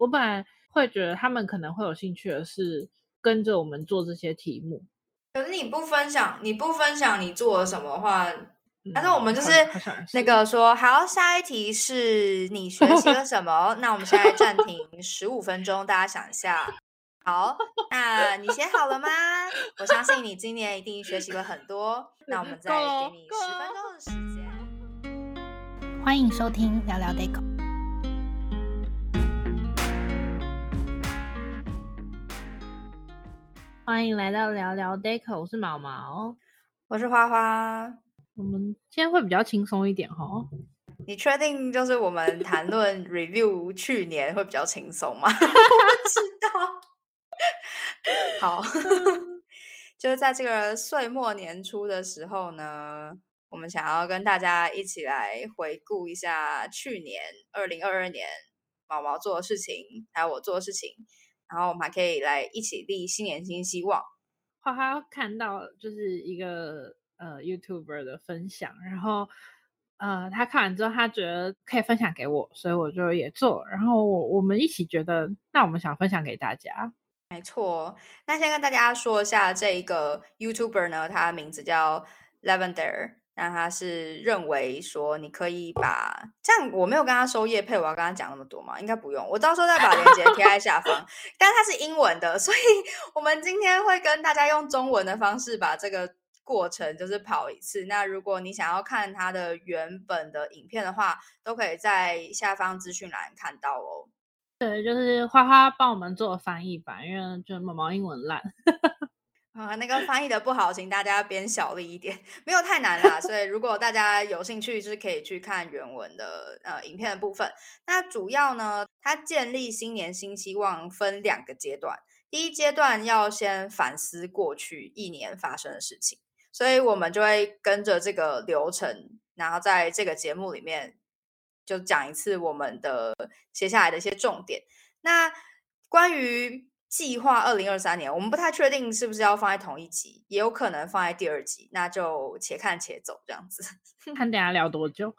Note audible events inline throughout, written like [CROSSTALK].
我本來會覺得他們可能會有興趣的是跟着我們做這些題目，可是你不分享，你不分享你做了什麼的話、嗯，但是我們就是，是那個說好，下一題是你學習了什麼？ [LAUGHS] 那我們現在暫停十五分鐘， [LAUGHS] 大家想一下。好，那你寫好了嗎？我相信你今年一定學習了很多。 [LAUGHS] 那我們再給你十分鐘的時間。歡迎收聽聊聊 Deco。歡迎來到聊聊 Deco 我是毛毛，我是花花。我們今天會比較輕鬆一點哦。你確定就是我們談論 review 去年會比較輕鬆嗎？ [LAUGHS] [LAUGHS] 我知道。 [LAUGHS] 好， [LAUGHS] 就是在這個歲末年初的時候呢，我們想要跟大家一起來回顧一下去年二零二二年毛毛做的事情，還有我做的事情。然後我們還可以來一起立新年新希望。花花看到就是一個呃 YouTuber 的分享，然後呃他看完之後，他覺得可以分享給我，所以我就也做。然後我我們一起覺得，那我們想分享給大家。沒錯，那先跟大家說一下這個 YouTuber 呢，他的名字叫 Lavender。那他是認為說，你可以把這樣，像我沒有跟他收業配，我要跟他講那麼多嘛？應該不用，我到時候再把鏈接貼在下方。 [LAUGHS] 但它是英文的，所以我們今天會跟大家用中文的方式把這個過程就是跑一次。那如果你想要看它的原本的影片的話，都可以在下方資訊欄看到哦。對，就是花花幫我們做翻譯吧，因為就毛毛英文爛。 [LAUGHS] 啊、嗯，那個翻譯的不好，請大家鞭小力一點，沒有太難啦。 [LAUGHS] 所以如果大家有興趣，是可以去看原文的呃影片的部分。那主要呢，它建立新年新希望分兩個階段，第一階段要先反思過去一年發生的事情，所以我們就會跟着這個流程，然後在這個節目裡面就講一次我們的接下來的一些重點。那關於。計劃二零二三年，我們不太確定是不是要放在同一集，也有可能放在第二集，那就且看且走這樣子，看大家聊多久。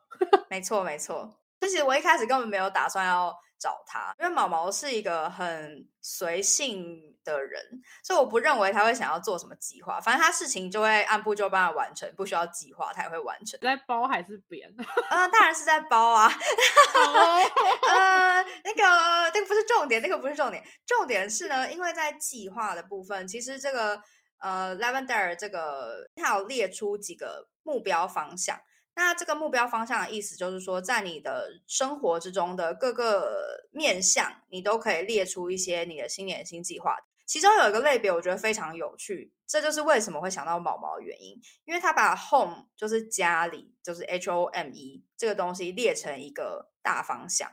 沒 [LAUGHS] 錯沒錯，就其實我一開始根本沒有打算要。找他，因為毛毛是一個很隨性的人，所以我不認為他會想要做什麼計劃。反正他事情就會按部就班的完成，不需要計劃，他也會完成。在包還是別的？啊、呃，當然是在包啊。 [LAUGHS] 呃，那個那個不是重點，那個不是重點，重點是呢，因為在計劃的部分，其實這個呃，Lavender 這個他有列出幾個目標方向。那這個目標方向的意思就是說，在你的生活之中的各個面向，你都可以列出一些你的新年新計劃。其中有一個類別，我覺得非常有趣，這就是為什麼會想到毛毛的原因，因為他把 home 就是家裡，就是 H O M E 這個東西列成一個大方向。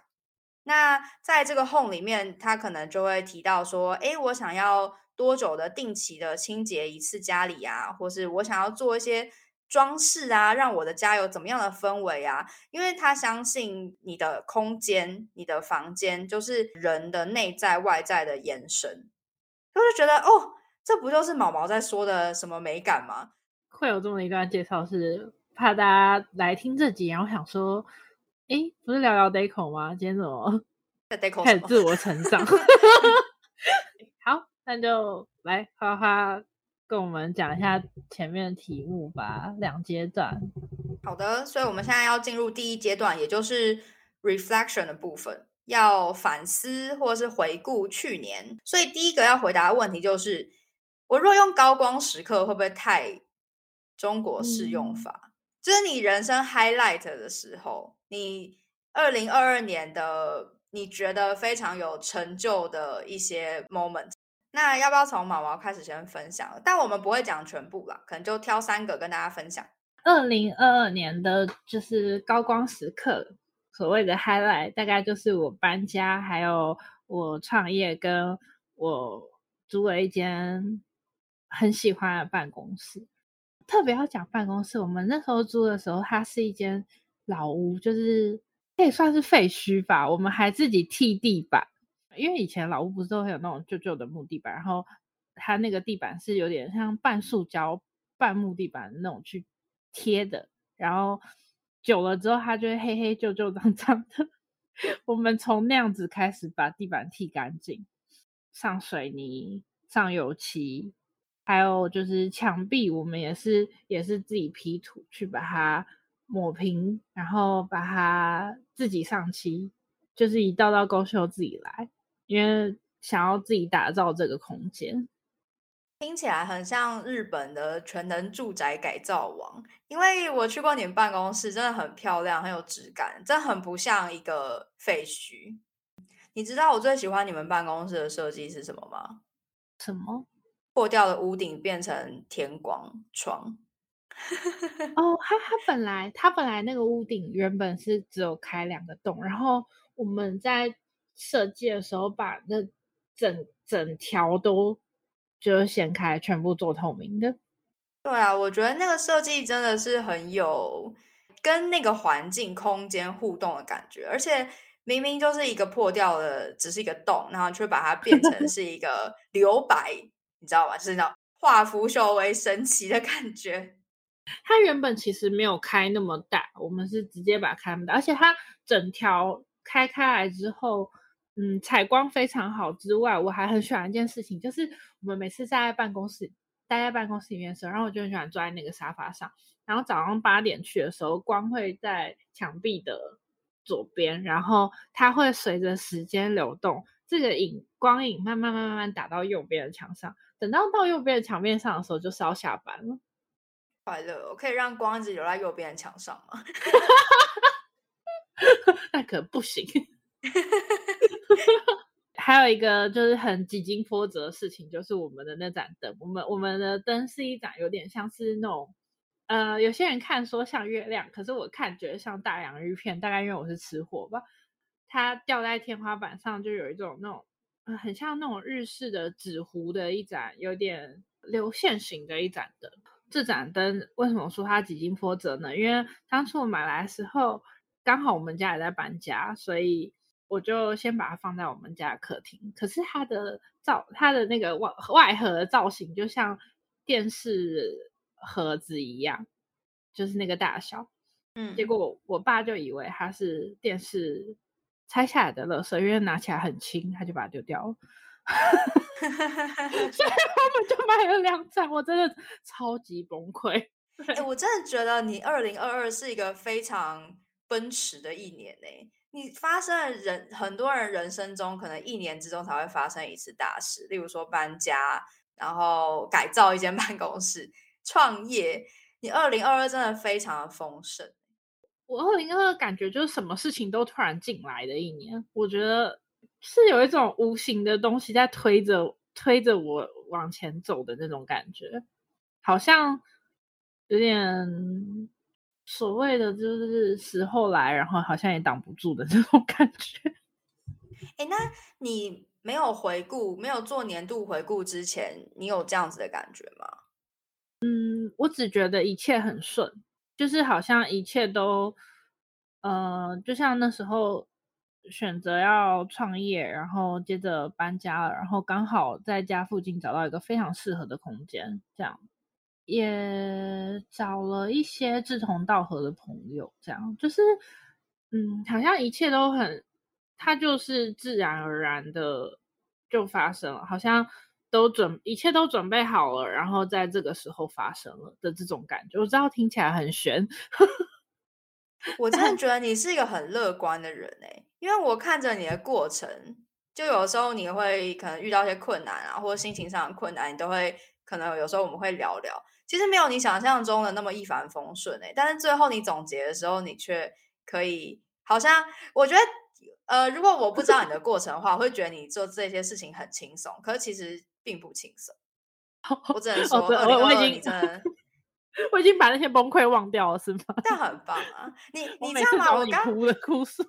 那在這個 home 裡面，他可能就會提到說，誒，我想要多久的定期的清潔一次家裡啊，或是我想要做一些。裝飾啊，讓我的家有怎麼樣的氛圍啊？因為他相信你的空間、你的房間，就是人的內在、外在的延伸。就是覺得哦，這不就是毛毛在說的什麼美感嗎？會有這麼一段介紹，是怕大家來聽這集。然後想說，哎，不是聊聊 deco 嗎？今天怎麼在 deco 麼開始自我成長？ [LAUGHS] [LAUGHS] 好，那就來花花。哈哈跟我們講一下前面的題目吧，兩階段。好的，所以我們現在要進入第一階段，也就是 reflection 的部分，要反思或是回顧去年。所以第一個要回答的問題就是，我若用高光時刻，會不會太中國式用法、嗯？就是你人生 highlight 的時候，你二零二二年的你覺得非常有成就的一些 moment。那要不要從毛毛開始先分享？但我們不會講全部了，可能就挑三個跟大家分享。二零二二年的就是高光時刻，所謂的 highlight，大概就是我搬家，還有我創業，跟我租了一間很喜歡的辦公室。特別要講辦公室，我們那時候租的時候，它是一間老屋，就是可以算是廢墟吧。我們還自己替地板。因為以前老屋不是都會有那種舊舊的木地板，然後它那個地板是有點像半塑膠、半木地板那種去貼的，然後久了之後它就會黑黑舊舊髒髒的。 [LAUGHS] 我們從那樣子開始把地板剃乾淨，上水泥、上油漆，還有就是牆壁，我們也是也是自己批土去把它抹平，然後把它自己上漆，就是一道道工序自己來。因為想要自己打造這個空間，聽起來很像日本的全能住宅改造王。因為我去過你們辦公室，真的很漂亮，很有質感，這很不像一個廢墟。你知道我最喜歡你們辦公室的設計是什麼嗎？什麼？破掉的屋頂變成天光窗。哦，他，他本來他本來那個屋頂原本是只有開兩個洞，然後我們在。設計的時候，把那整整條都就是掀開，全部做透明的。對啊，我覺得那個設計真的是很有跟那個環境空間互動的感覺，而且明明就是一個破掉的，只是一個洞，然後卻把它變成是一個留白， [LAUGHS] 你知道吧？就是那種化腐朽為神奇的感覺。它原本其實沒有開那麼大，我們是直接把它開那麼大，而且它整條開開來之後。嗯，採光非常好之外，我還很喜歡一件事情，就是我們每次在辦公室待在辦公室裡面的時候，然後我就很喜歡坐在那個沙發上。然後早上八點去的時候，光會在牆壁的左邊，然後它會隨着時間流動，這個影光影慢慢慢慢慢打到右邊的牆上。等到到右邊的牆面上的時候，就是要下班了。快樂，我可以讓光一直留在右邊的牆上嗎？ [LAUGHS] [LAUGHS] 那可不行。 [LAUGHS] 還有一個就是很幾經波折的事情，就是我們的那盞燈。我們我們的燈是一盞有點像是那種，呃，有些人看說像月亮，可是我看覺得像大洋芋片。大概因為我是吃貨吧，它吊在天花板上就有一種那種，呃，很像那種日式的紙糊的一盞，有點流線型的一盞燈。這盞燈為什麼說它幾經波折呢？因為當初我買來的時候，剛好我們家也在搬家，所以，我就先把它放在我們家的客廳，可是它的造它的那個外外盒的造型就像電視盒子一樣，就是那個大小。嗯，結果我爸就以為它是電視拆下來的垃圾，因為拿起來很輕，他就把它丟掉了。 [LAUGHS] 所以我們就買了兩盞，我真的超級崩潰。哎、欸，我真的覺得你二零二二是一個非常奔馳的一年呢。你發生了人很多人人生中可能一年之中才會發生一次大事，例如說搬家，然後改造一間辦公室，創業。你二零二二真的非常的豐盛。我二零二二感覺就是什麼事情都突然進來的一年，我覺得是有一種無形的東西在推着推着我往前走的那種感覺，好像有點。所謂的就是時候來，然後好像也擋不住的這種感覺。哎，那你沒有回顧，沒有做年度回顧之前，你有這樣子的感覺嗎？嗯，我只覺得一切很順，就是好像一切都，呃，就像那時候選擇要創業，然後接着搬家了，然後剛好在家附近找到一個非常適合的空間，這樣。也找了一些志同道合的朋友，這樣就是，嗯，好像一切都很，它就是自然而然的就發生了，好像都準，一切都準備好了，然後在這個時候發生了的這種感覺。我知道聽起來很玄， [LAUGHS] 我真的覺得你是一個很樂觀的人誒、欸，因為我看着你的過程，就有時候你會可能遇到一些困難啊，或者心情上的困難，你都會可能有時候我們會聊聊。其實沒有你想象中的那麼一帆風順哎、欸，但是最後你總結的時候，你卻可以好像我覺得，呃，如果我不知道你的過程的話，我會覺得你做這些事情很輕鬆，可是其實並不輕鬆、哦。我只能說、哦我我已經真的，我已經把那些崩潰忘掉了，是嗎？但很棒啊！你你每次找我哭了哭訴，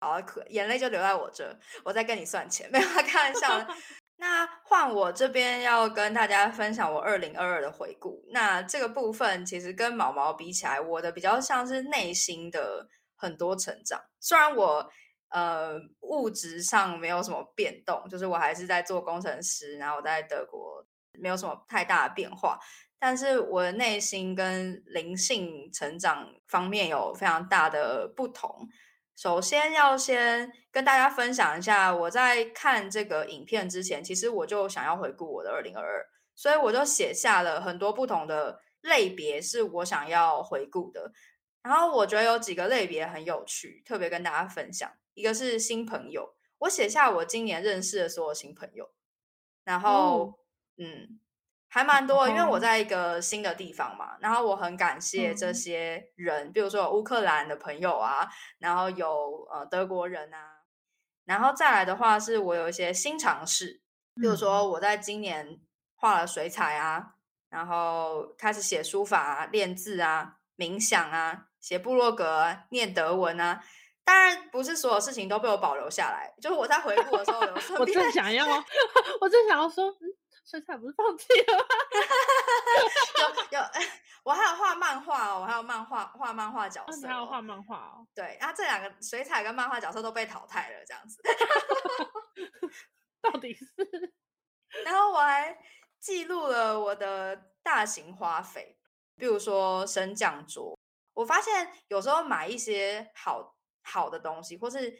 好，可眼淚就留在我這，我在跟你算錢，沒有開玩笑。那換我這邊要跟大家分享我二零二二的回顧。那這個部分其實跟毛毛比起來，我的比較像是內心的很多成長。雖然我呃物質上沒有什麼變動，就是我還是在做工程師，然後我在德國沒有什麼太大的變化，但是我的內心跟靈性成長方面有非常大的不同。首先要先跟大家分享一下，我在看這個影片之前，其實我就想要回顧我的二零二二，所以我就寫下了很多不同的類別是我想要回顧的。然後我覺得有幾個類別很有趣，特別跟大家分享。一個是新朋友，我寫下我今年認識的所有新朋友。然後，嗯。嗯還蠻多，因為我在一個新的地方嘛，哦、然後我很感謝這些人，比、嗯、如說有烏克蘭的朋友啊，然後有呃德國人啊，然後再來的話是我有一些新嘗試，比如說我在今年畫了水彩啊，嗯、然後開始寫書法、啊、練字啊、冥想啊、寫部落格、啊、念德文啊。當然不是所有事情都被我保留下來，就是我在回顧的時候， [LAUGHS] 我正想要， [LAUGHS] 我正想要說。水彩不是放屁了嗎？ [LAUGHS] 有有，我還有畫漫畫哦，我還有漫畫畫漫畫角色、喔，還有畫漫畫哦。對，啊，這兩個水彩跟漫畫角色都被淘汰了，這樣子。 [LAUGHS] [LAUGHS] 到底是？然後我還記錄了我的大型花費，比如說升降桌。我發現有時候買一些好好的東西，或是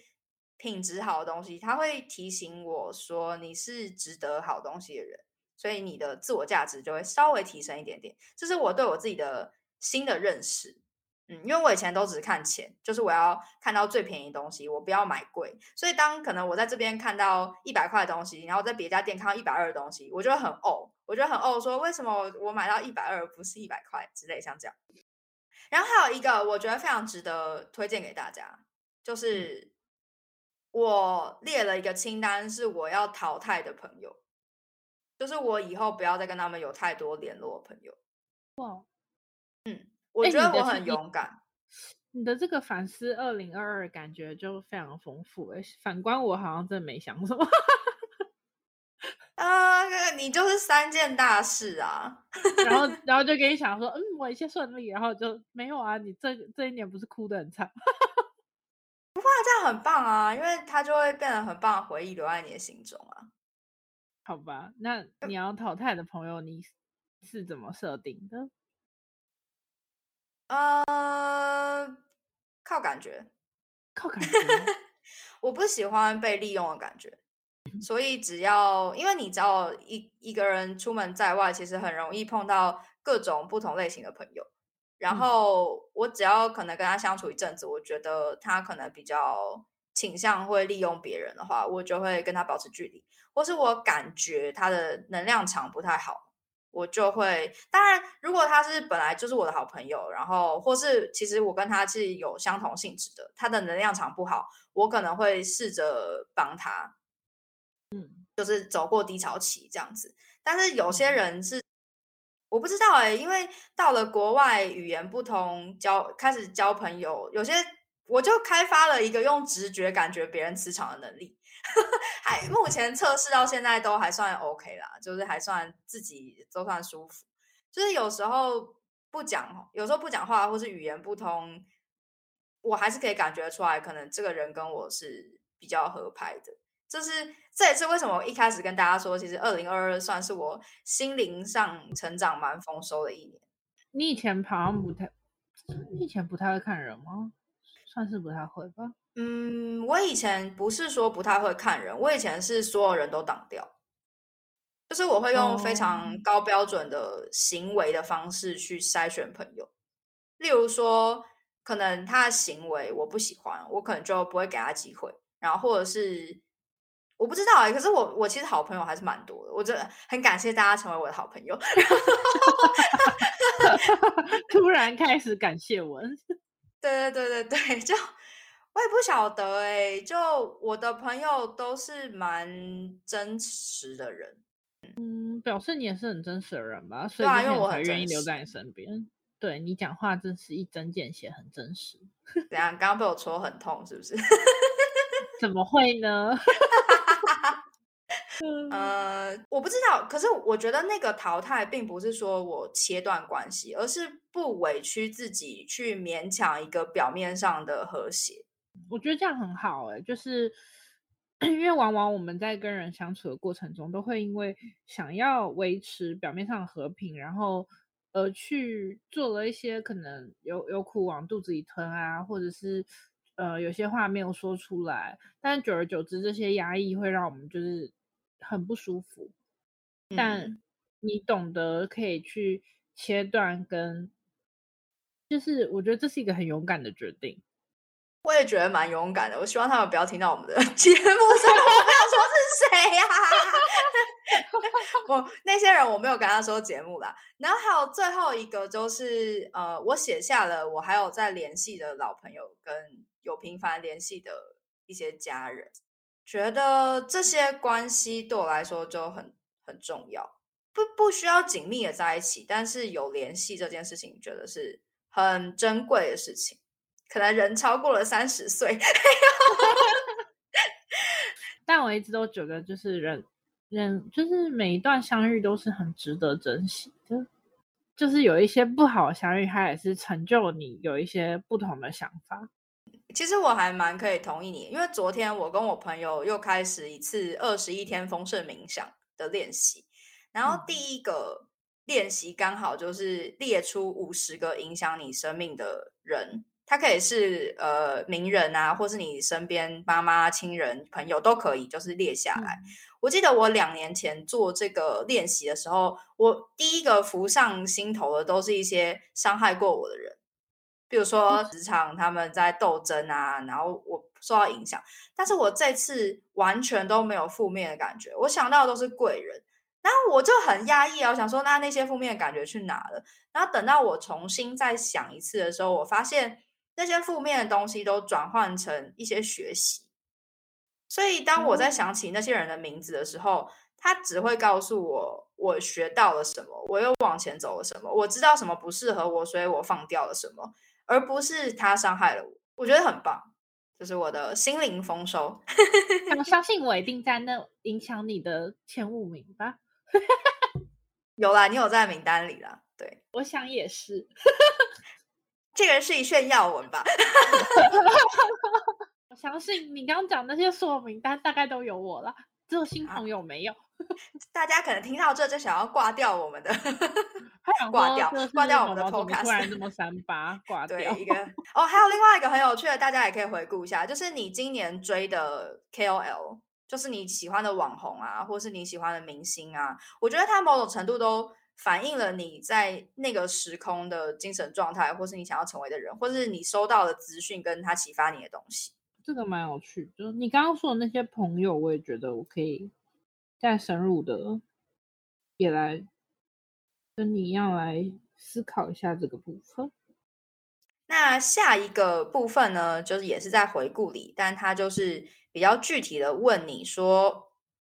品質好的東西，他會提醒我說，你是值得好東西的人。所以你的自我價值就會稍微提升一點點，這是我對我自己的新的認識。嗯，因為我以前都只看錢，就是我要看到最便宜的東西，我不要買貴。所以當可能我在這邊看到一百塊的東西，然後在別家店看到一百二的東西，我就會很嘔，我覺得很嘔，說為什麼我我買到一百二不是一百塊之類，像這樣。然後還有一個我覺得非常值得推薦給大家，就是我列了一個清單是我要淘汰的朋友。就是我以後不要再跟他們有太多聯絡的朋友。哇，嗯，我覺得我很勇敢。你的這個反思二零二二感覺就非常豐富，反觀我好像真的沒想什麼。啊、 [LAUGHS] 呃，你就是三件大事啊， [LAUGHS] 然後然後就給你想說，嗯，我一切順利，然後就沒有啊。你這這一年不是哭得很慘？ [LAUGHS] 不，這樣很棒啊，因為他就會變成很棒的回憶留在你的心中啊。好吧，那你要淘汰的朋友，你是怎麼設定的？呃，靠感覺，靠感覺？ [LAUGHS] 我不喜歡被利用的感覺，嗯、所以只要因為你只要，一一個人出門在外，其實很容易碰到各種不同類型的朋友。然後我只要可能跟他相處一陣子，我覺得他可能比較傾向會利用別人的話，我就會跟他保持距離。或是我感覺他的能量場不太好，我就會。當然，如果他是本來就是我的好朋友，然後或是其實我跟他是有相同性質的，他的能量場不好，我可能會試着幫他，嗯，就是走過低潮期這樣子。但是有些人是我不知道欸，因為到了國外語言不通，交，開始交朋友，有些我就開發了一個用直覺感覺別人磁場的能力。還 [LAUGHS] 目前測試到現在都還算 OK 啦，就是還算自己都算舒服。就是有時候不講，有時候不講話，或是語言不通，我還是可以感覺出來，可能這個人跟我是比較合拍的。就是這也是為什麼我一開始跟大家說，其實二零二二算是我心靈上成長蠻豐收的一年。你以前好像不太，你以前不太會看人嗎？算是不太會吧。嗯，我以前不是說不太會看人，我以前是所有人都擋掉，就是我會用非常高標準的行為的方式去篩選朋友。例如說，可能他的行為我不喜歡，我可能就不會給他機會。然後，或者是我不知道哎，可是我我其實好朋友還是蠻多的，我真的很感謝大家成為我的好朋友。 [LAUGHS] [LAUGHS] 突然開始感謝我。對對對對對，就我也不曉得哎、欸，就我的朋友都是蠻真實的人，嗯，表示你也是很真實的人吧？所以，因為我很願意留在你身邊，對，你講話真是一針見血，很真實。 [LAUGHS] 等下，剛剛被我戳很痛，是不是？ [LAUGHS] 怎麼會呢？ [LAUGHS] 呃、uh，我不知道，可是我覺得那個淘汰並不是說我切斷關係，而是不委屈自己去勉強一個表面上的和諧。我覺得這樣很好、欸，哎，就是因為往往我們在跟人相處的過程中，都會因為想要維持表面上的和平，然後呃去做了一些可能有有苦往肚子裡吞啊，或者是呃有些話沒有說出來，但久而久之，這些壓抑會讓我們就是。很不舒服，但你懂得可以去切斷，跟、嗯、就是我覺得這是一個很勇敢的決定。我也覺得蠻勇敢的。我希望他們不要聽到我們的節目，所以我不要說是誰呀、啊。 [LAUGHS] [LAUGHS] 我那些人我沒有跟他說節目啦。然後還有最後一個就是呃，我寫下了我還有在聯繫的老朋友跟有頻繁聯繫的一些家人。覺得這些關係對我來說就很很重要。不不需要緊密的在一起，但是有聯繫這件事情，覺得是很珍貴的事情。可能人超過了三十歲，哎、 [LAUGHS] [LAUGHS] 但我一直都覺得，就是人人就是每一段相遇都是很值得珍惜。就就是有一些不好的相遇，它也是成就你有一些不同的想法。其實我還蠻可以同意你，因為昨天我跟我朋友又開始一次二十一天豐盛冥想的練習，然後第一個練習剛好就是列出五十個影響你生命的人，他可以是呃名人啊，或是你身邊媽媽、親人、朋友都可以，就是列下來。嗯。我記得我兩年前做這個練習的時候，我第一個浮上心頭的都是一些傷害過我的人。比如說職場他們在鬥爭啊，然後我受到影響，但是我這次完全都沒有負面的感覺，我想到的都是貴人，然後我就很壓抑啊，我想說那那些負面的感覺去哪了？然後等到我重新再想一次的時候，我發現那些負面的東西都轉換成一些學習。所以當我在想起那些人的名字的時候，他只會告訴我我學到了什麼，我又往前走了什麼，我知道什麼不適合我，所以我放掉了什麼。而不是他傷害了我，我覺得很棒，這、就是我的心靈豐收。 [LAUGHS] 我相信我一定在那影響你的前五名吧？ [LAUGHS] 有啦，你有在名單裡啦，對，我想也是。 [LAUGHS] 這個人是一炫耀文吧？ [LAUGHS] [LAUGHS] 我相信你剛剛講的那些所有名單大概都有我了，只有新朋友沒有。啊 [LAUGHS] 大家可能聽到這就想要掛掉我們的， [LAUGHS] 掛掉掛掉我們的 Podcast，突然這麼三八掛一個哦，還有另外一個很有趣的，大家也可以回顧一下，就是你今年追的 KOL，就是你喜歡的網紅啊，或是你喜歡的明星啊，我覺得他某種程度都反映了你在那個時空的精神狀態，或是你想要成為的人，或是你收到的資訊跟他啟發你的東西。這個蠻有趣，就是你剛剛說的那些朋友，我也覺得我可以。再深入的，也來跟你要來思考一下這個部分。那下一個部分呢，就是也是在回顧裡，但它就是比較具體的問你說，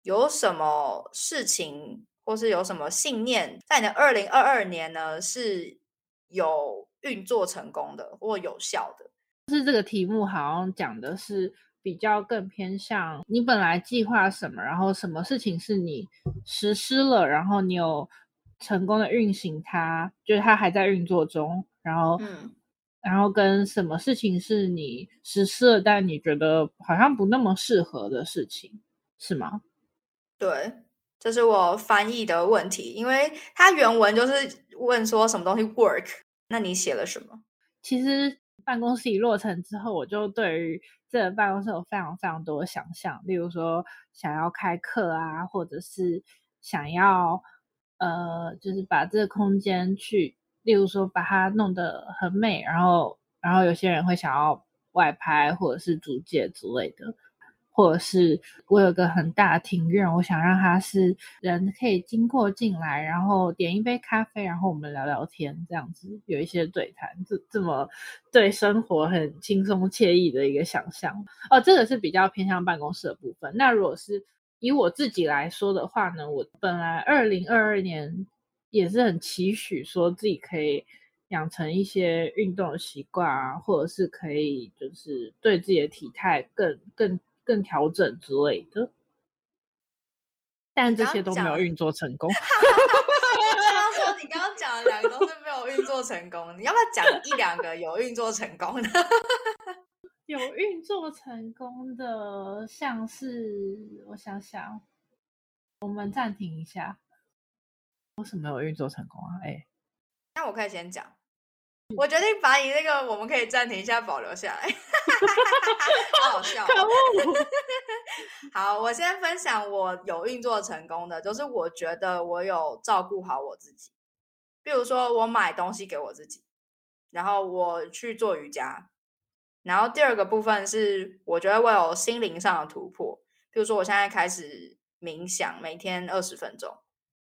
有什麼事情，或是有什麼信念，在你的二零二二年呢，是有運作成功的或有效的？是這個題目好像講的是。比較更偏向你本來計劃什麼，然後什麼事情是你實施了，然後你有成功的運行它，就是它還在運作中，然後、嗯，然後跟什麼事情是你實施了，但你覺得好像不那麼適合的事情，是嗎？對，這是我翻譯的問題，因為它原文就是問說什麼東西 work，那你寫了什麼？其實辦公室一落成之後，我就對於這個辦公室有非常非常多的想象，例如說想要開課啊，或者是想要呃，就是把這個空間去，例如說把它弄得很美，然後然後有些人會想要外拍或者是租借之類的。或者是我有個很大的庭院，我想讓他是人可以經過進來，然後點一杯咖啡，然後我們聊聊天，這樣子有一些對談，這這麼對生活很輕鬆愜意的一個想象。哦，這個是比較偏向辦公室的部分。那如果是以我自己來說的話呢，我本來二零二二年也是很期許說自己可以養成一些運動的習慣啊，或者是可以就是對自己的體態更更。更調整之類的，但這些都沒有運作成功。剛剛說你剛剛講的兩個都沒有運作成功，你要不要講一兩個有運作成功的？有運作, [LAUGHS] 成功的，像是我想想，我們暫停一下，為什麼沒有運作成功啊？哎，那我可以先講。我決定把你那個，我們可以暫停一下，保留下來。 [LAUGHS] 好好笑喔， [LAUGHS] 好。我先分享我有運作成功的，就是我覺得我有照顧好我自己。比如說，我買東西給我自己，然後我去做瑜伽。然後第二個部分是，我覺得我有心靈上的突破。比如說，我現在開始冥想，每天二十分鐘。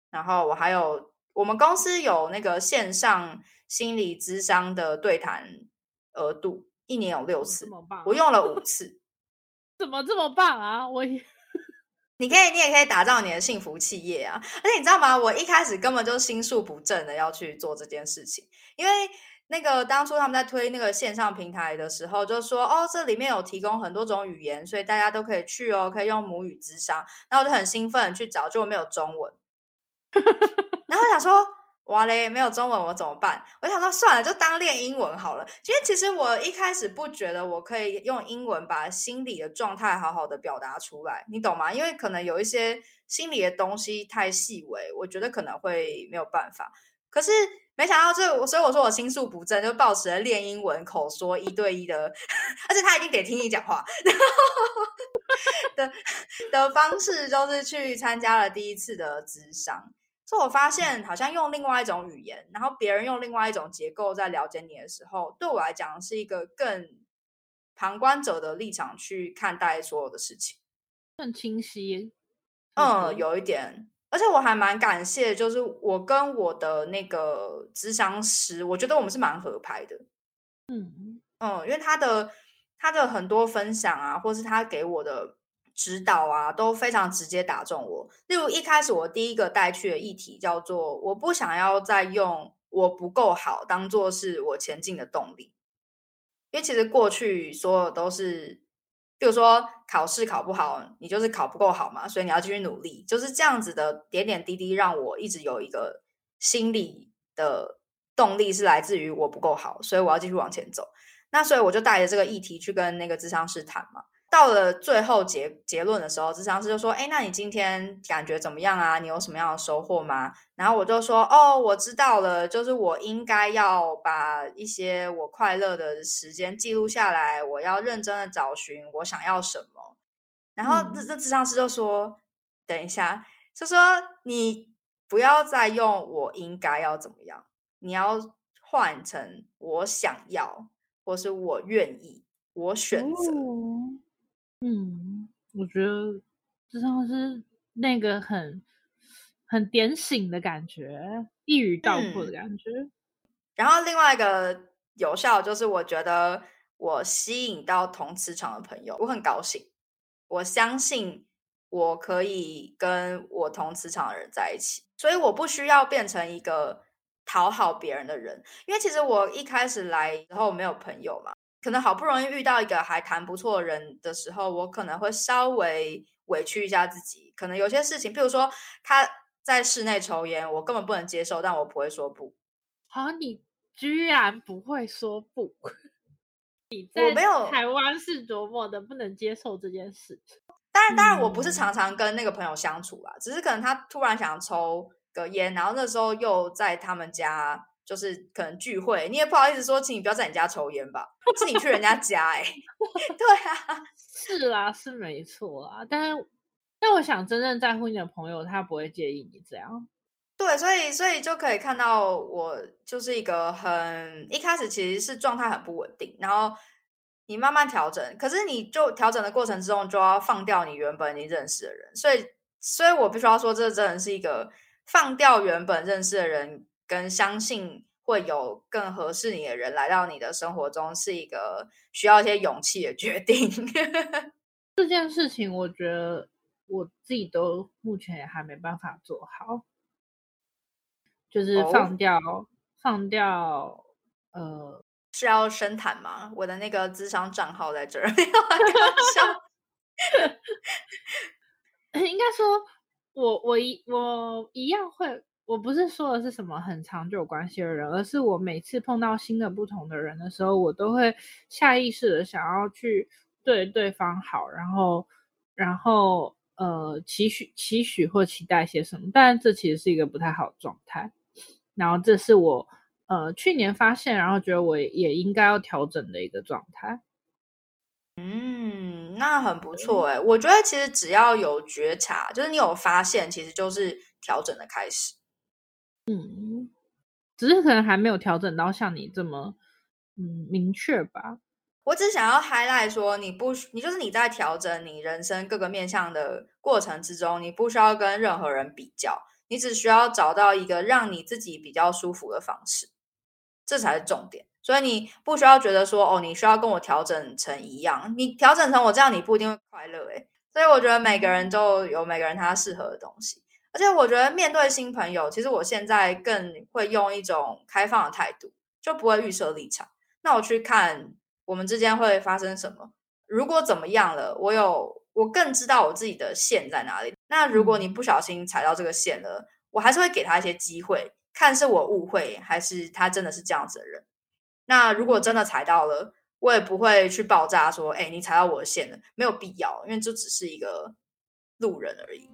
然後我還有，我們公司有那個線上。心理諮商的對談額度一年有六次麼麼、啊，我用了五次，怎麼這麼棒啊！我也， [LAUGHS] 你可以，你也可以打造你的幸福企業啊！而且你知道嗎？我一開始根本就心術不正的要去做這件事情，因為那個當初他們在推那個線上平台的時候，就說哦，這裡面有提供很多種語言，所以大家都可以去哦，可以用母語諮商，然後我就很興奮去找，結果沒有中文， [LAUGHS] 然後我想說。哇嘞！沒有中文我怎麼辦？我想說算了，就當練英文好了。因為其實我一開始不覺得我可以用英文把心理的狀態好好的表達出來，你懂嗎？因為可能有一些心理的東西太細微，我覺得可能會沒有辦法。可是沒想到，就所，所以我說我心術不正，就抱持了練英文口說一對一的，而且他一定得聽你講話，然後 [LAUGHS] 的的方式，就是去參加了第一次的諮商。所以我發現，好像用另外一種語言，然後別人用另外一種結構在了解你的時候，對我來講是一個更旁觀者的立場去看待所有的事情，更清晰耶。嗯，有一點，而且我還蠻感謝，就是我跟我的那個諮商師，我覺得我們是蠻合拍的。嗯嗯，因為他的他的很多分享啊，或是他給我的。指導啊，都非常直接打中我。例如一開始我第一個帶去的議題叫做“我不想要再用我不夠好當做是我前進的動力”，因為其實過去所有都是，比如說考試考不好，你就是考不夠好嘛，所以你要繼續努力，就是這樣子的點點滴滴讓我一直有一個心理的動力是來自於我不夠好，所以我要繼續往前走。那所以我就帶着這個議題去跟那個諮商師談嘛。到了最後結結論的時候，諮商師就說：“哎、欸，那你今天感覺怎麼樣啊？你有什麼樣的收穫嗎？”然後我就說：“哦，我知道了，就是我應該要把一些我快樂的時間記錄下來，我要認真的找尋我想要什麼。”然後這、嗯、諮商師就說：“等一下，就說你不要再用‘我應該要怎麼樣’，你要換成‘我想要’或是‘我願意’，我選擇。哦”嗯，我覺得就像是那個很很點醒的感覺，一語道破的感覺、嗯。然後另外一個有效就是，我覺得我吸引到同磁場的朋友，我很高興。我相信我可以跟我同磁場的人在一起，所以我不需要變成一個討好別人的人。因為其實我一開始來然後沒有朋友嘛。可能好不容易遇到一個還談不錯的人的時候，我可能會稍微委屈一下自己。可能有些事情，譬如說他在室內抽煙，我根本不能接受，但我不會說不。好、哦、你居然不會說不？ [LAUGHS] 你在我沒有，台灣是琢磨的不能接受這件事。當然，當然，我不是常常跟那個朋友相處啊、嗯，只是可能他突然想抽個煙，然後那時候又在他們家。就是可能聚會，你也不好意思說，請你不要在你家抽烟吧，是你去人家家哎、欸， [LAUGHS] [LAUGHS] 對啊，是啊，是沒錯啊，但是，但我想真正在乎你的朋友，他不會介意你這樣。對，所以，所以就可以看到，我就是一個很一開始其實是狀態很不穩定，然後你慢慢調整，可是你就調整的過程之中，就要放掉你原本你認識的人，所以，所以我必須要說，這真的是一個放掉原本認識的人。跟相信會有更合適你的人來到你的生活中，是一個需要一些勇氣的決定。這件事情，我覺得我自己都目前也還沒辦法做好，就是放掉、oh,，放掉。呃，是要深談嗎？我的那個智商賬號在這兒， [LAUGHS] 應該說我我，我一我一樣會。我不是說的是什麼很長久關係的人，而是我每次碰到新的不同的人的時候，我都會下意識的想要去對對方好，然後，然後呃，期許期許或期待些什麼。但這其實是一個不太好的狀態。然後這是我呃去年發現，然後覺得我也，也應該要調整的一個狀態。嗯，那很不錯誒。嗯，我覺得其實只要有覺察，就是你有發現，其實就是調整的開始。嗯，只是可能還沒有調整到像你這麼嗯明確吧。我只想要 highlight 說，你不，你就是你在調整你人生各個面向的過程之中，你不需要跟任何人比較，你只需要找到一個讓你自己比較舒服的方式，這才是重點。所以你不需要覺得說，哦，你需要跟我調整成一樣，你調整成我這樣，你不一定會快樂哎。所以我覺得每個人都有每個人他適合的東西。而且我覺得面對新朋友，其實我現在更會用一種開放的態度，就不會預設立場。那我去看我們之間會發生什麼。如果怎麼樣了，我有我更知道我自己的線在哪裡。那如果你不小心踩到這個線了，我還是會給他一些機會，看是我誤會還是他真的是這樣子的人。那如果真的踩到了，我也不會去爆炸說：“欸，你踩到我的線了。”沒有必要，因為這只是一個路人而已。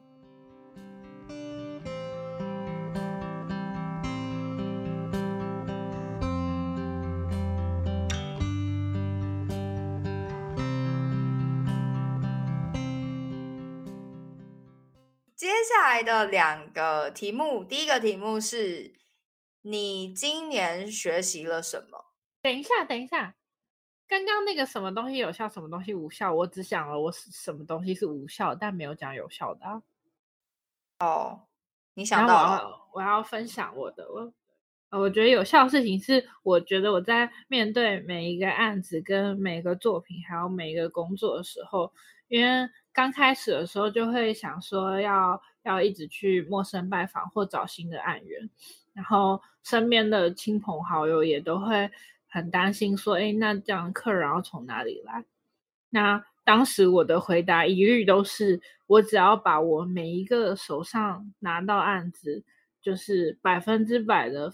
接下來的兩個題目，第一個題目是：你今年學習了什麼？等一下，等一下，剛剛那個什麼東西有效，什麼東西無效？我只想了我什麼東西是無效，但沒有講有效的啊。哦，你想到我要，我要分享我的，我我覺得有效的事情是，我覺得我在面對每一個案子、跟每一個作品，還有每一個工作的時候，因為。剛開始的時候就會想說要要一直去陌生拜訪或找新的案源，然後身邊的親朋好友也都會很擔心說：“哎，那這樣客人要從哪裡來？”那當時我的回答一律都是：“我只要把我每一個手上拿到案子，就是百分之百的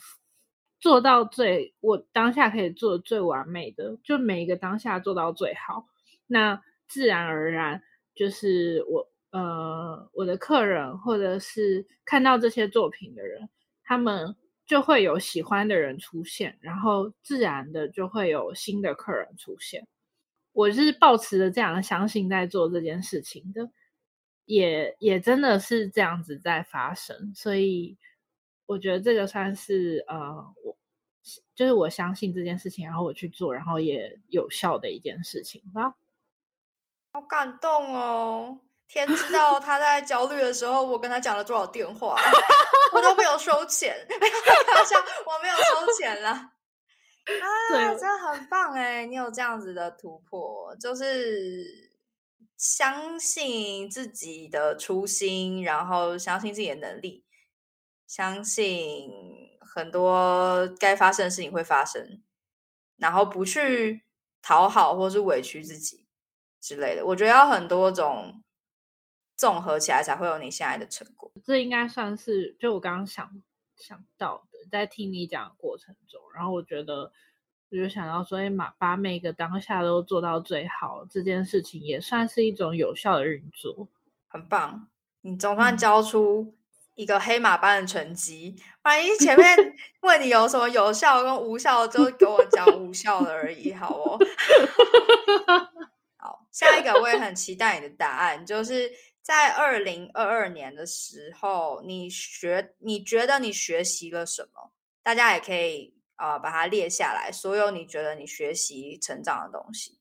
做到最我當下可以做最完美的，就每一個當下做到最好。”那自然而然。就是我呃，我的客人或者是看到這些作品的人，他們就會有喜歡的人出現，然後自然的就會有新的客人出現。我是抱持着這樣的相信在做這件事情的，也也真的是這樣子在發生，所以我覺得這個算是呃，我就是我相信這件事情，然後我去做，然後也有效的一件事情吧。好感動哦！天知道他在焦慮的時候， [LAUGHS] 我跟他講了多少電話，哎、我都沒有收錢。好 [LAUGHS] 像， [LAUGHS] 我沒有收錢了啊！真的很棒哎！你有這樣子的突破，就是相信自己的初心，然後相信自己的能力，相信很多該發生的事情會發生，然後不去討好或是委屈自己。之類的，我覺得要很多種綜合起來，才會有你現在的成果。這應該算是就我剛剛想想到的，在聽你講的過程中，然後我覺得我就想到所以嘛，把每個當下都做到最好，這件事情也算是一種有效的運作，很棒。你總算交出一個黑馬般的成績，萬一前面問你有什麼有效的跟無效的， [LAUGHS] 就給我講無效的而已，好哦。 [LAUGHS] [LAUGHS] 下一個我也很期待你的答案，就是在二零二二年的時候，你學你覺得你學習了什麼？大家也可以啊、呃、把它列下來，所有你覺得你學習成長的東西。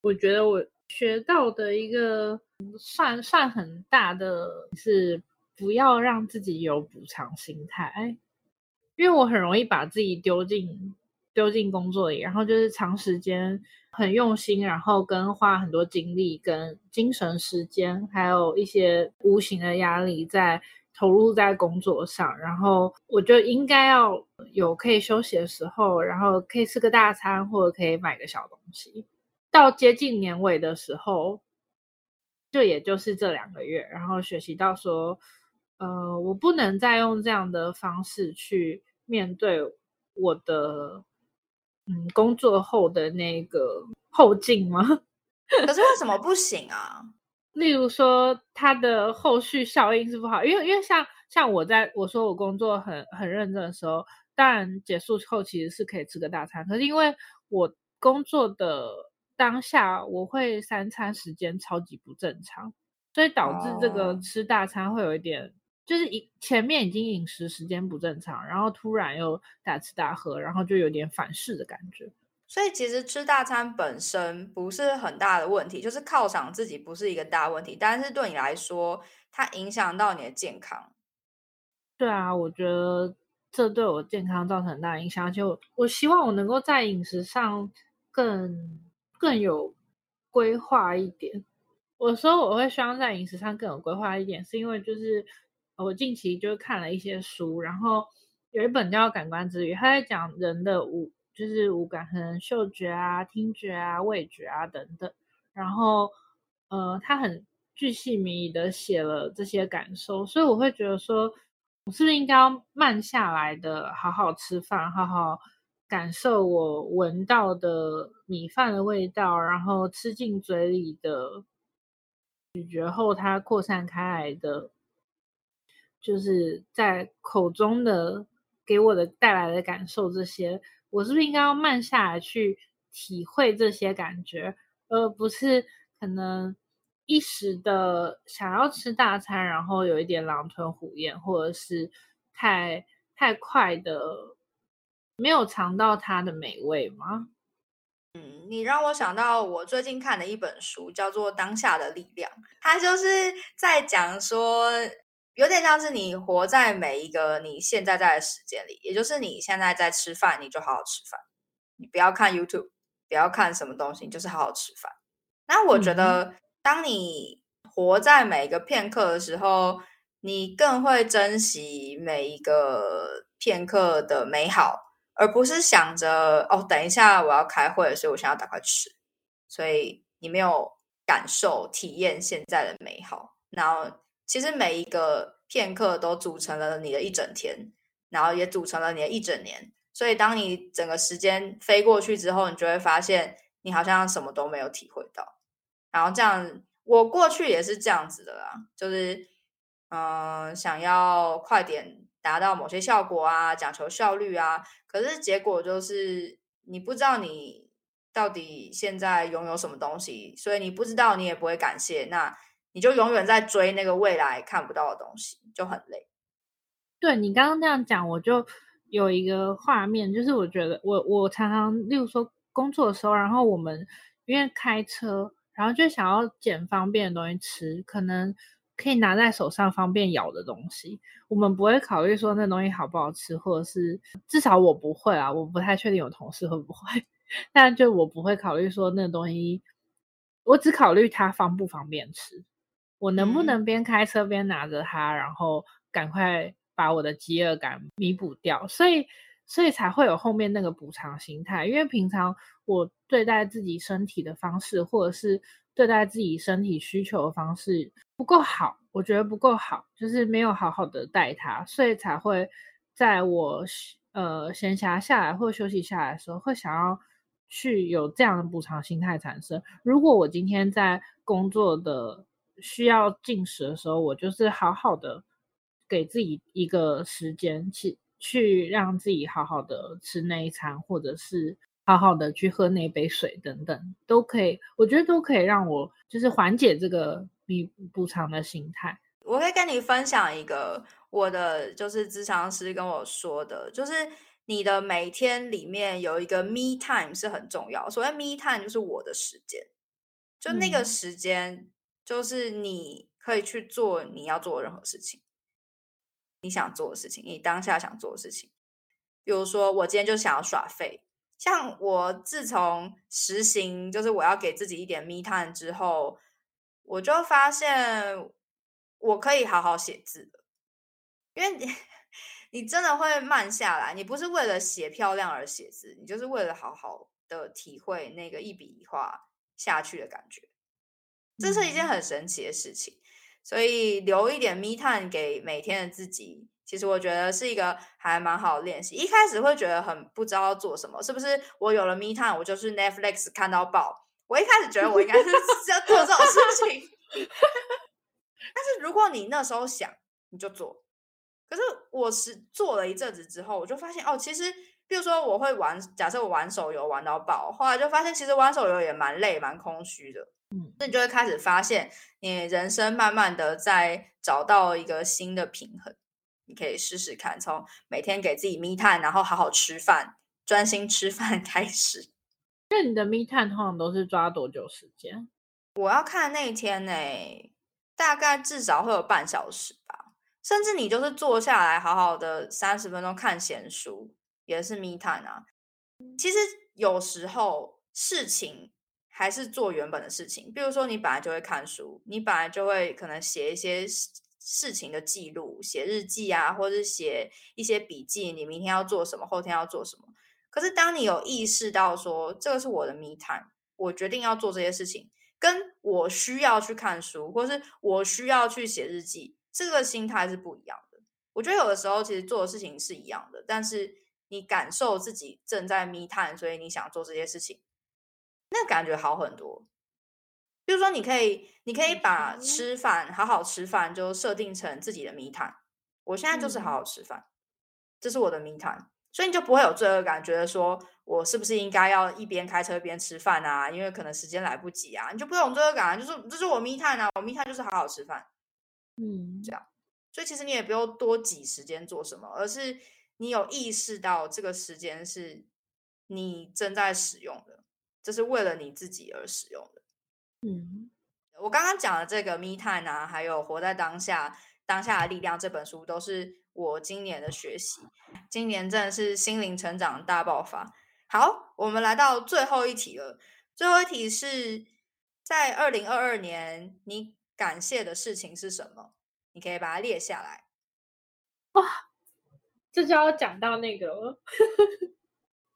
我覺得我學到的一個算算很大的是不要讓自己有補償心態，因為我很容易把自己丟進。丟進工作裡，然後就是長時間很用心，然後跟花很多精力、跟精神時間，還有一些無形的壓力在投入在工作上。然後我就應該要有可以休息的時候，然後可以吃個大餐，或者可以買個小東西。到接近年尾的時候，就也就是這兩個月，然後學習到說，呃，我不能再用這樣的方式去面對我的。嗯，工作後的那個後勁嗎？ [LAUGHS] 可是為什麼不行啊？例如說他的後續效應是不好，因為因為像像我在我說我工作很很認真的時候，當然結束後其實是可以吃個大餐，可是因為我工作的當下，我會三餐時間超級不正常，所以導致這個吃大餐會有一點。就是前面已經飲食時間不正常，然後突然又大吃大喝，然後就有點反噬的感覺。所以其實吃大餐本身不是很大的問題，就是犒賞自己不是一個大問題，但是對你來說，它影響到你的健康。對啊，我覺得這對我健康造成很大的影響，而且我，我希望我能夠在飲食上更更有規劃一點。我說我會希望在飲食上更有規劃一點，是因為就是。我近期就看了一些書，然後有一本叫《感官之旅》，他在講人的五，就是五感，可能嗅覺啊、聽覺啊、味覺啊等等。然後，呃，他很巨細靡遺的寫了這些感受，所以我會覺得說，我是不是應該要慢下來的，好好吃飯，好好感受我聞到的米飯的味道，然後吃進嘴裡的咀嚼後，它擴散開來的。就是在口中的給我的帶來的感受，這些我是不是應該要慢下來去體會這些感覺，而不是可能一時的想要吃大餐，然後有一點狼吞虎嚥，或者是太太快的沒有嘗到它的美味嗎？嗯，你讓我想到我最近看的一本書，叫做《當下的力量》，它就是在講說。有點像是你活在每一個你現在在的時間裡，也就是你現在在吃飯，你就好好吃飯，你不要看 YouTube，不要看什麼東西，你就是好好吃飯。那我覺得，當你活在每一個片刻的時候，你更會珍惜每一個片刻的美好，而不是想着哦，等一下我要開會，所以我想要趕快吃，所以你沒有感受體驗現在的美好，然後。其實每一個片刻都組成了你的一整天，然後也組成了你的一整年。所以，當你整個時間飛過去之後，你就會發現你好像什麼都沒有體會到。然後，這樣我過去也是這樣子的啦，就是嗯、呃，想要快點達到某些效果啊，講求效率啊，可是結果就是你不知道你到底現在擁有什麼東西，所以你不知道，你也不會感謝那。你就永遠在追那個未來看不到的東西，就很累。對，你剛剛這樣講，我就有一個畫面，就是我覺得我我常常，例如說工作的時候，然後我們因為開車，然後就想要撿方便的東西吃，可能可以拿在手上方便咬的東西，我們不會考慮說那東西好不好吃，或者是至少我不會啊，我不太確定有同事會不會，但就我不會考慮說那東西，我只考慮它方不方便吃。我能不能邊開車邊拿着它，嗯，然後趕快把我的飢餓感彌補掉？所以，所以才會有後面那個補償心態。因為平常我對待自己身體的方式，或者是對待自己身體需求的方式不夠好，我覺得不夠好，就是沒有好好的待它，所以才會在我呃閒暇下來或休息下來的時候，會想要去有這樣的補償心態產生。如果我今天在工作的，需要進食的時候，我就是好好的給自己一個時間去去讓自己好好的吃那一餐，或者是好好的去喝那杯水等等，都可以。我覺得都可以讓我就是緩解這個補償的心態。我可以跟你分享一個我的，就是諮商師跟我說的，就是你的每天裡面有一個 me time 是很重要。所謂 me time 就是我的時間，就那個時間。嗯就是你可以去做你要做的任何事情，你想做的事情，你當下想做的事情。比如說，我今天就想要耍廢。像我自從實行，就是我要給自己一點 me time 之後，我就發現我可以好好寫字了。因為你，你真的會慢下來。你不是為了寫漂亮而寫字，你就是為了好好的體會那個一筆一畫下去的感覺。這是一件很神奇的事情，所以留一點 me time 給每天的自己，其實我覺得是一個還蠻好的練習。一開始會覺得很不知道做什麼，是不是我有了 me time，我就是 Netflix 看到爆。我一開始覺得我應該是要做這種事情， [LAUGHS] 但是如果你那時候想，你就做。可是我是做了一陣子之後，我就發現哦，其實比如說我會玩，假設我玩手遊玩到爆，後來就發現其實玩手遊也蠻累，蠻空虛的。那你就會開始發現，你人生慢慢的在找到一個新的平衡。你可以試試看，從每天給自己 me time，然後好好吃飯，專心吃飯開始。那你的 me time 通常都是抓多久時間？我要看那一天呢、欸，大概至少會有半小時吧，甚至你就是坐下來好好的三十分鐘看閒書，也是 me time 啊。其實有時候事情，還是做原本的事情，比如說你本來就會看書，你本來就會可能寫一些事情的記錄，寫日記啊，或者寫一些筆記。你明天要做什麼，後天要做什麼？可是當你有意識到說這個是我的 me time，我決定要做這些事情，跟我需要去看書，或是我需要去寫日記，這個心態是不一樣的。我覺得有的時候其實做的事情是一樣的，但是你感受自己正在 me time，所以你想做這些事情。那感覺好很多，就是說，你可以，你可以把吃飯、嗯、好好吃飯，就設定成自己的 me time。我現在就是好好吃飯、嗯，這是我的 me time，所以你就不會有罪惡感，覺得說我是不是應該要一邊開車一邊吃飯啊？因為可能時間來不及啊，你就不用罪惡感、啊，就是這、就是我 me time 啊，我 me time 就是好好吃飯，嗯，這樣。所以其實你也不用多擠時間做什麼，而是你有意識到這個時間是你正在使用的。這是為了你自己而使用的。嗯，我剛剛講的這個《Me Time》啊，還有《活在當下》《當下的力量》這本書，都是我今年的學習。今年真的是心靈成長大爆發。好，我們來到最後一題了。最後一題是在2022年，你感謝的事情是什麼？你可以把它列下來。哇，這就要講到那個了。 [LAUGHS]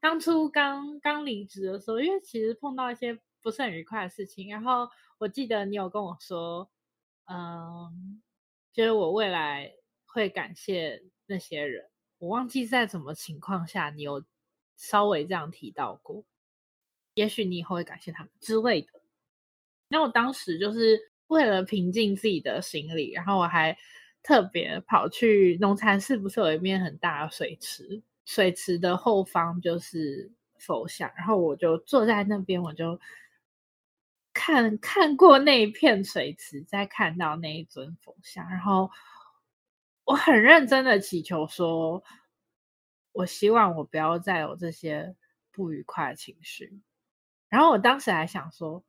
當初剛剛離職的時候，因為其實碰到一些不是很愉快的事情，然後我記得你有跟我說，嗯，就是我未來會感謝那些人，我忘記在什麼情況下你有稍微這樣提到過，也許你以後會感謝他們之類的。那我當時就是為了平靜自己的心理，然後我還特別跑去農禪寺，不是有一面很大的水池。水池的後方就是佛像，然後我就坐在那邊，我就看看過那一片水池，再看到那一尊佛像，然後我很認真的祈求說：“我希望我不要再有這些不愉快的情緒。”然後我當時還想說：“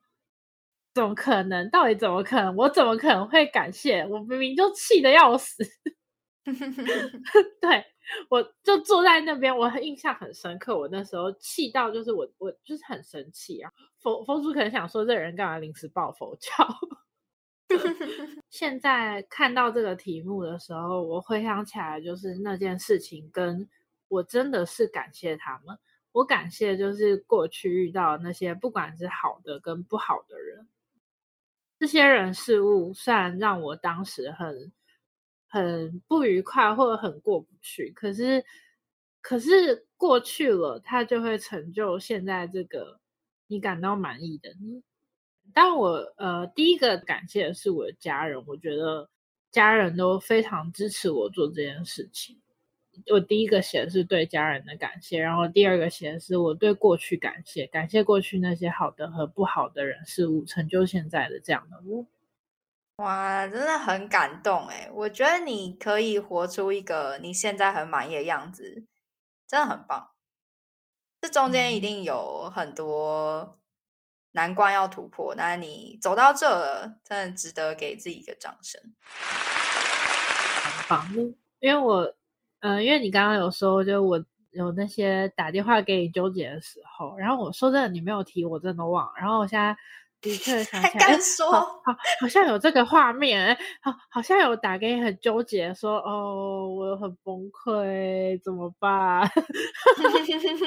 怎麼可能？到底怎麼可能？我怎麼可能會感謝？我明明就氣得要死。” [LAUGHS] [LAUGHS] 對，我就坐在那邊，我印象很深刻。我那時候氣到，就是我，我就是很生氣啊。佛佛祖可能想說，這人幹嘛臨時抱佛腳？ [LAUGHS] 對 [LAUGHS] 現在看到這個題目的時候，我回想起來，就是那件事情，跟我真的是感謝他們。我感謝就是過去遇到那些不管是好的跟不好的人，這些人事物，雖然讓我當時很。很不愉快，或者很過不去，可是，可是過去了，它就會成就現在這個你感到滿意的你。但我呃，第一個感謝的是我的家人，我覺得家人都非常支持我做這件事情。我第一個寫的是對家人的感謝，然後第二個寫的是我對過去感謝，感謝過去那些好的和不好的人事物，成就現在的這樣的我。哇，真的很感動哎！我覺得你可以活出一個你現在很滿意的樣子，真的很棒。這中間一定有很多難關要突破，那你走到這，真的值得給自己一個掌聲。很棒，因為我，嗯、呃，因為你剛剛有說，就我有那些打電話給你糾結的時候，然後我說真的，你沒有提，我真的忘了。然後我現在。的確想起來敢說、欸好，好，好像有這個畫面，好，好像有打給你，很糾結說，說哦，我很崩潰，怎麼辦？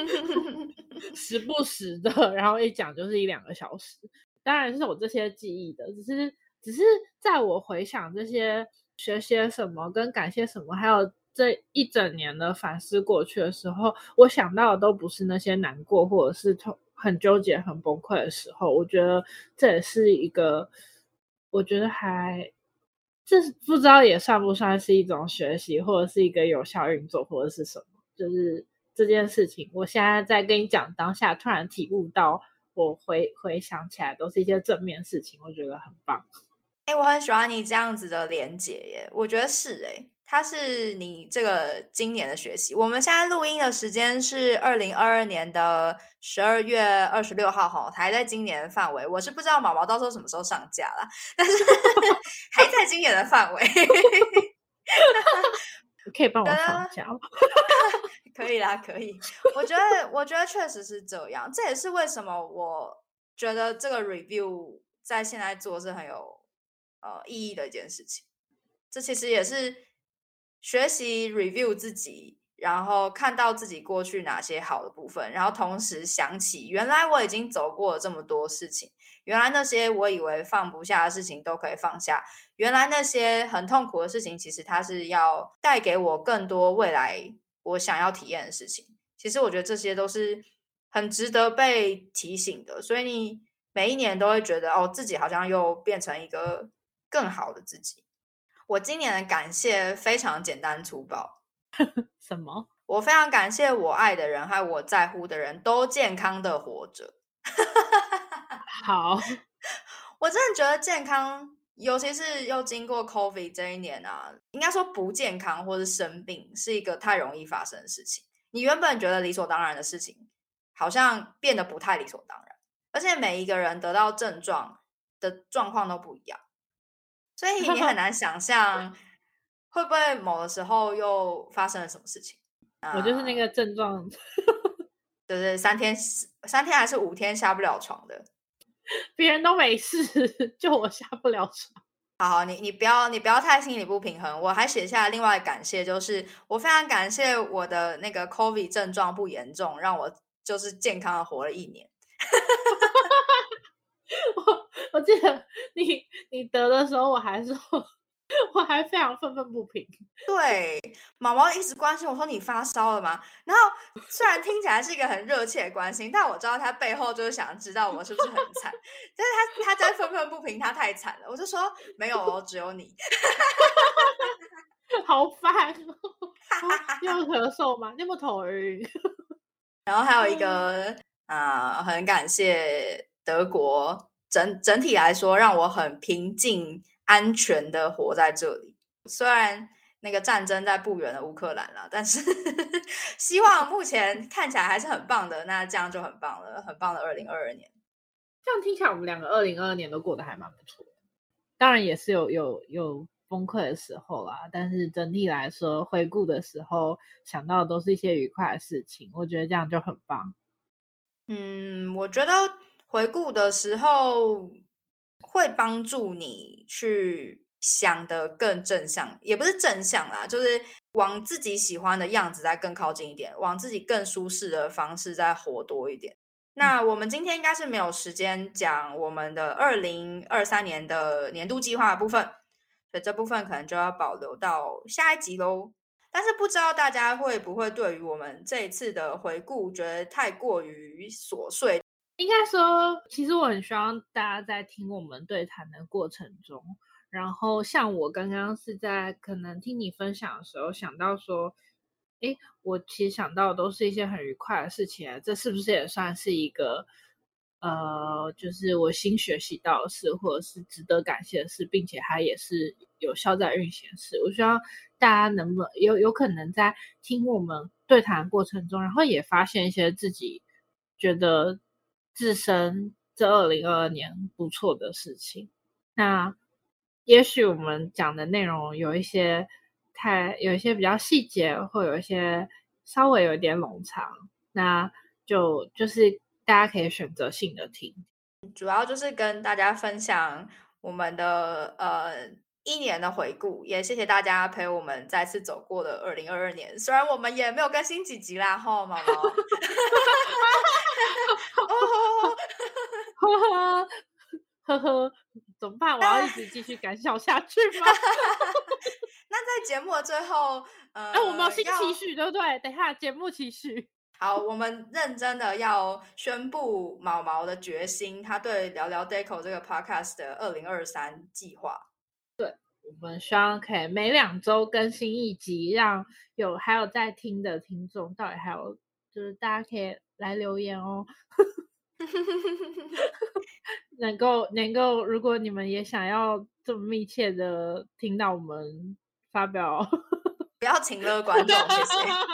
[LAUGHS] 時不時的，然後一講就是一兩個小時。當然是我這些記憶的，只是只是在我回想這些學些什麼，跟感謝什麼，還有這一整年的反思過去的時候，我想到的都不是那些難過，或者是痛。很糾結、很崩潰的時候，我覺得這也是一個，我覺得還，這不知道也算不算是一種學習，或者是一個有效運作，或者是什麼？就是這件事情，我現在在跟你講當下，突然體悟到，我回回想起來都是一些正面事情，我覺得很棒。哎，我很喜歡你這樣子的連接耶，我覺得是誒。它是你這個今年的學習。我們現在錄音的時間是二零二二年的十二月二十六號，哈，還在今年的範圍。我是不知道毛毛到時候什麼時候上架啦，但是 [LAUGHS] [LAUGHS] 還在今年的範圍， [LAUGHS] [LAUGHS] 可以幫我嚐嚐。 [LAUGHS] [LAUGHS] 可以啦，可以。我覺得，我覺得確實是這樣。這也是為什麼我覺得這個 review 在現在做是很有呃意義的一件事情。這其實也是。學習 review 自己，然後看到自己過去哪些好的部分，然後同時想起，原來我已經走過了這麼多事情，原來那些我以為放不下的事情都可以放下，原來那些很痛苦的事情，其實它是要帶給我更多未來我想要體驗的事情。其實我覺得這些都是很值得被提醒的，所以你每一年都會覺得哦，自己好像又變成一個更好的自己。我今年的感謝非常簡單粗暴，什麼？我非常感謝我愛的人還有我在乎的人都健康的活着。 [LAUGHS] 好，我真的覺得健康，尤其是又經過 COVID 這一年啊，應該說不健康或是生病是一個太容易發生的事情。你原本覺得理所當然的事情，好像變得不太理所當然，而且每一個人得到症狀的狀況都不一樣。所以你很難想象，會不會某的時候又發生了什麼事情？啊、我就是那個症狀， [LAUGHS] 就是三天、三天還是五天下不了床的，別人都沒事，就我下不了床。好，你你不要你不要太心理不平衡。我還寫下另外一個感謝，就是我非常感謝我的那個 COVID 症狀不嚴重，讓我就是健康的活了一年。 [LAUGHS] [LAUGHS] 我我記得你。你得的時候，我還說，我還非常憤憤不平。對，毛毛一直關心我說，你發燒了嗎？然後雖然聽起來是一個很熱切的關心，但我知道他背後就是想知道我是不是很慘。 [LAUGHS] 但是他他在憤憤不平，他太慘了。我就說沒有、哦，只有你， [LAUGHS] [LAUGHS] 好煩、哦，又咳嗽嗎？又頭暈。 [LAUGHS] 然後還有一個啊、呃，很感謝德國。整整體來說，讓我很平靜、安全的活在這裡。雖然那個戰爭在不遠的烏克蘭了，但是呵呵希望目前看起來還是很棒的。那這樣就很棒了，很棒的二零二二年。這樣聽起來，我們兩個二零二二年都過得還蠻不錯的。當然也是有有有崩潰的時候啦，但是整體來說，回顧的時候想到的都是一些愉快的事情。我覺得這樣就很棒。嗯，我覺得，回顧的時候，會幫助你去想得更正向，也不是正向啦，就是往自己喜歡的樣子再更靠近一點，往自己更舒適的方式再活多一點。那我們今天應該是沒有時間講我們的二零二三年的年度計劃的部分，所以這部分可能就要保留到下一集嘍。但是不知道大家會不會對於我們這一次的回顧覺得太過於瑣碎。應該說，其實我很希望大家在聽我們對談的過程中，然後像我剛剛是在可能聽你分享的時候，想到說，誒，我其實想到都是一些很愉快的事情，這是不是也算是一個呃，就是我新學習到的事，或者是值得感謝的事，並且還也是有效在運行的事。我希望大家能不能有有可能在聽我們對談的過程中，然後也發現一些自己覺得。自身這二零二二年，不錯的事情，那也許我們講的內容有一些太有一些比較細節，或有一些稍微有一點冗長，那就就是大家可以選擇性的聽，主要就是跟大家分享我們的呃一年的回顧，也謝謝大家陪我們再次走過的二零二二年，雖然我們也沒有更新幾集啦，哈，媽 [LAUGHS] [LAUGHS] 哦，呵呵呵呵，怎麼辦？我要一直繼續搞笑下去嗎？ [LAUGHS] [LAUGHS] 那在節目的最後，呃，啊、我們要新期許 [LAUGHS] 對不對？等下節目期許。好，我們認真的要宣布毛毛的決心， [LAUGHS] 他對聊聊 Deco 這個 Podcast 的二零二三計劃。對，我們希望可以每兩周更新一集，讓有還有在聽的聽眾到底還有就是大家可以。來留言哦 [LAUGHS] [LAUGHS] 能，能夠能夠，如果你們也想要這麼密切的聽到我們發表，不要請了觀眾， [LAUGHS] 謝謝。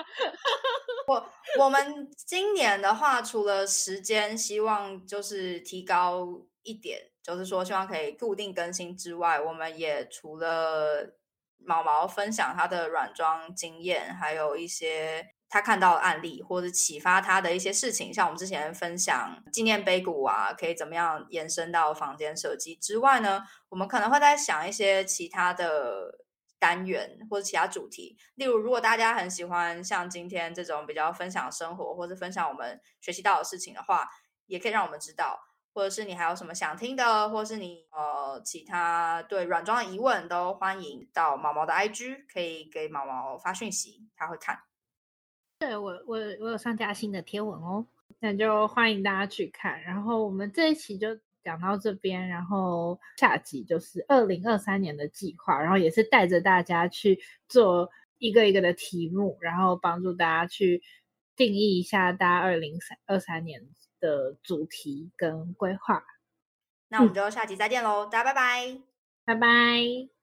我我們今年的話，除了時間，希望就是提高一點，就是說希望可以固定更新之外，我們也除了毛毛分享他的軟裝經驗，還有一些。他看到的案例或者啟發他的一些事情，像我們之前分享紀念碑谷啊，可以怎麼樣延伸到房間設計之外呢？我們可能會在想一些其他的單元或者其他主題。例如，如果大家很喜歡像今天這種比較分享生活或者分享我們學習到的事情的話，也可以讓我們知道。或者是你還有什麼想聽的，或者是你呃其他對軟裝的疑問，都歡迎到毛毛的 IG，可以給毛毛發訊息，他會看。對我，我我有上架新的貼文哦，那就歡迎大家去看。然後我們這一期就講到這邊，然後下集就是二零二三年的計劃，然後也是帶着大家去做一個一個的題目，然後幫助大家去定義一下大家二零三二三年的主題跟規劃。那我們就下集再見嘍，大家拜拜，拜拜。